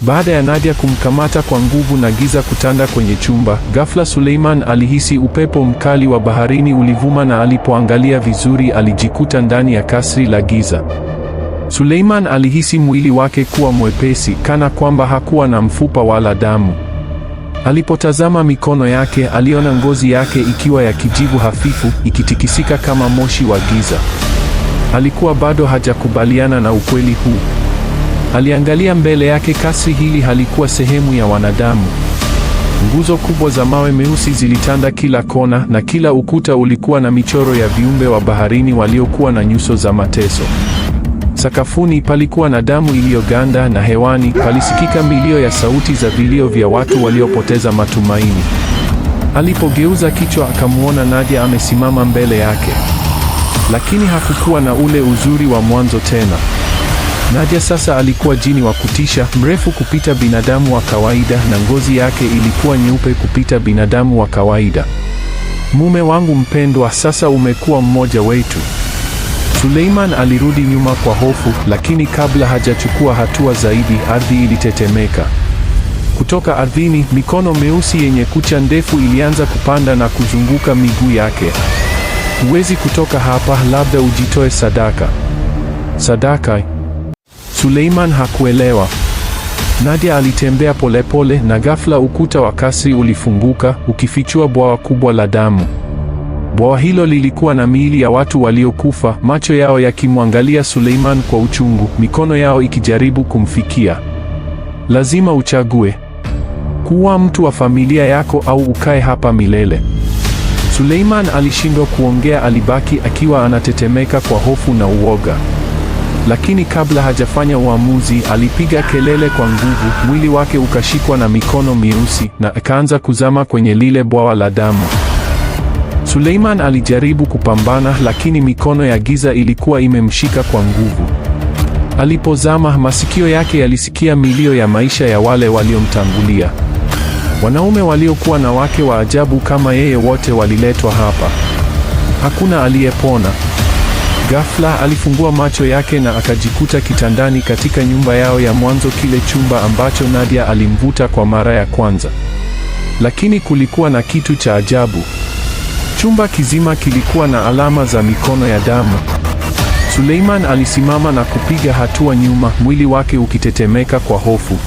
Baada ya Nadia kumkamata kwa nguvu na giza kutanda kwenye chumba, ghafla Suleiman alihisi upepo mkali wa baharini ulivuma na alipoangalia vizuri alijikuta ndani ya kasri la giza. Suleiman alihisi mwili wake kuwa mwepesi kana kwamba hakuwa na mfupa wala damu. Alipotazama mikono yake, aliona ngozi yake ikiwa ya kijivu hafifu ikitikisika kama moshi wa giza. Alikuwa bado hajakubaliana na ukweli huu. Aliangalia mbele yake. Kasri hili halikuwa sehemu ya wanadamu. Nguzo kubwa za mawe meusi zilitanda kila kona, na kila ukuta ulikuwa na michoro ya viumbe wa baharini waliokuwa na nyuso za mateso. Sakafuni palikuwa na damu iliyoganda, na hewani palisikika milio ya sauti za vilio vya watu waliopoteza matumaini. Alipogeuza kichwa, akamwona Nadia amesimama mbele yake, lakini hakukuwa na ule uzuri wa mwanzo tena. Naja sasa alikuwa jini wa kutisha, mrefu kupita binadamu wa kawaida na ngozi yake ilikuwa nyeupe kupita binadamu wa kawaida. Mume wangu mpendwa, sasa umekuwa mmoja wetu. Suleiman alirudi nyuma kwa hofu, lakini kabla hajachukua hatua zaidi, ardhi ilitetemeka. Kutoka ardhini, mikono meusi yenye kucha ndefu ilianza kupanda na kuzunguka miguu yake. Huwezi kutoka hapa, labda ujitoe sadaka. Sadaka? Suleiman hakuelewa. Nadia alitembea polepole na ghafla ukuta wa kasri ulifunguka ukifichua bwawa kubwa la damu. Bwawa hilo lilikuwa na miili ya watu waliokufa, macho yao yakimwangalia Suleiman kwa uchungu, mikono yao ikijaribu kumfikia. Lazima uchague kuwa mtu wa familia yako au ukae hapa milele. Suleiman alishindwa kuongea, alibaki akiwa anatetemeka kwa hofu na uoga lakini kabla hajafanya uamuzi, alipiga kelele kwa nguvu, mwili wake ukashikwa na mikono mieusi na akaanza kuzama kwenye lile bwawa la damu. Suleiman alijaribu kupambana, lakini mikono ya giza ilikuwa imemshika kwa nguvu. Alipozama, masikio yake yalisikia milio ya maisha ya wale waliomtangulia. Wanaume waliokuwa na wake wa ajabu kama yeye wote waliletwa hapa. Hakuna aliyepona. Ghafla alifungua macho yake na akajikuta kitandani katika nyumba yao ya mwanzo, kile chumba ambacho Nadia alimvuta kwa mara ya kwanza. Lakini kulikuwa na kitu cha ajabu. Chumba kizima kilikuwa na alama za mikono ya damu. Suleiman alisimama na kupiga hatua nyuma, mwili wake ukitetemeka kwa hofu.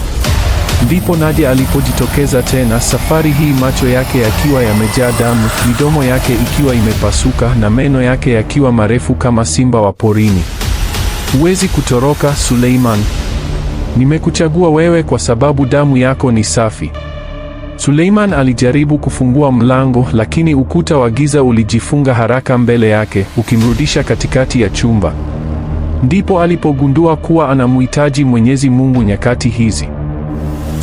Ndipo Nadia alipojitokeza tena, safari hii macho yake yakiwa yamejaa damu, midomo yake ikiwa imepasuka na meno yake yakiwa marefu kama simba wa porini. Huwezi kutoroka Suleiman. Nimekuchagua wewe kwa sababu damu yako ni safi. Suleiman alijaribu kufungua mlango lakini ukuta wa giza ulijifunga haraka mbele yake ukimrudisha katikati ya chumba. Ndipo alipogundua kuwa anamhitaji Mwenyezi Mungu nyakati hizi.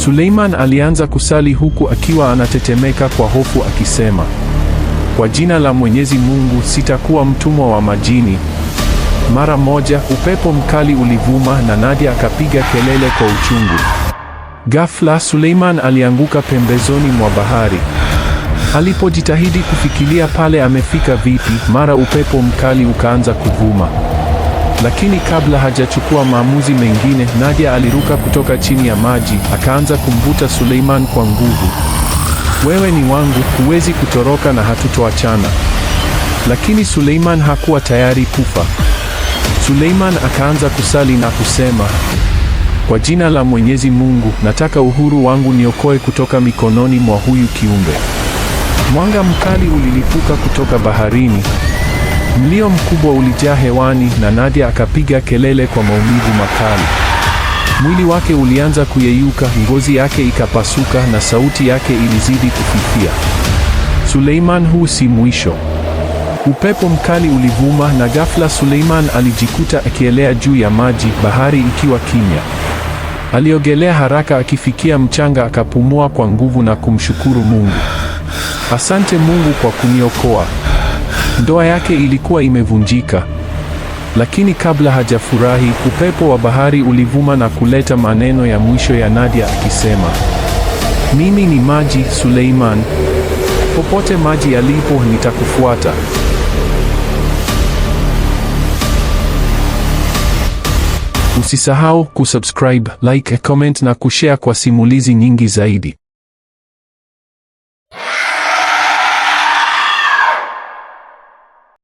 Suleiman alianza kusali huku akiwa anatetemeka kwa hofu akisema, kwa jina la Mwenyezi Mungu sitakuwa mtumwa wa majini. Mara moja upepo mkali ulivuma na Nadia akapiga kelele kwa uchungu. Ghafla Suleiman alianguka pembezoni mwa bahari. Alipojitahidi kufikiria pale amefika vipi, mara upepo mkali ukaanza kuvuma. Lakini kabla hajachukua maamuzi mengine, Nadia aliruka kutoka chini ya maji, akaanza kumvuta Suleiman kwa nguvu. Wewe ni wangu, huwezi kutoroka na hatutoachana. Lakini Suleiman hakuwa tayari kufa. Suleiman akaanza kusali na kusema, kwa jina la Mwenyezi Mungu, nataka uhuru wangu niokoe kutoka mikononi mwa huyu kiumbe. Mwanga mkali ulilipuka kutoka baharini. Mlio mkubwa ulijaa hewani na Nadia akapiga kelele kwa maumivu makali. Mwili wake ulianza kuyeyuka, ngozi yake ikapasuka na sauti yake ilizidi kufifia. Suleiman, huu si mwisho. Upepo mkali ulivuma na ghafla Suleiman alijikuta akielea juu ya maji, bahari ikiwa kimya. Aliogelea haraka akifikia mchanga, akapumua kwa nguvu na kumshukuru Mungu. Asante Mungu kwa kuniokoa. Ndoa yake ilikuwa imevunjika. Lakini kabla hajafurahi, upepo wa bahari ulivuma na kuleta maneno ya mwisho ya Nadia akisema, mimi ni maji, Suleiman. Popote maji yalipo, nitakufuata. Usisahau kusubscribe, like, comment na kushare kwa simulizi nyingi zaidi.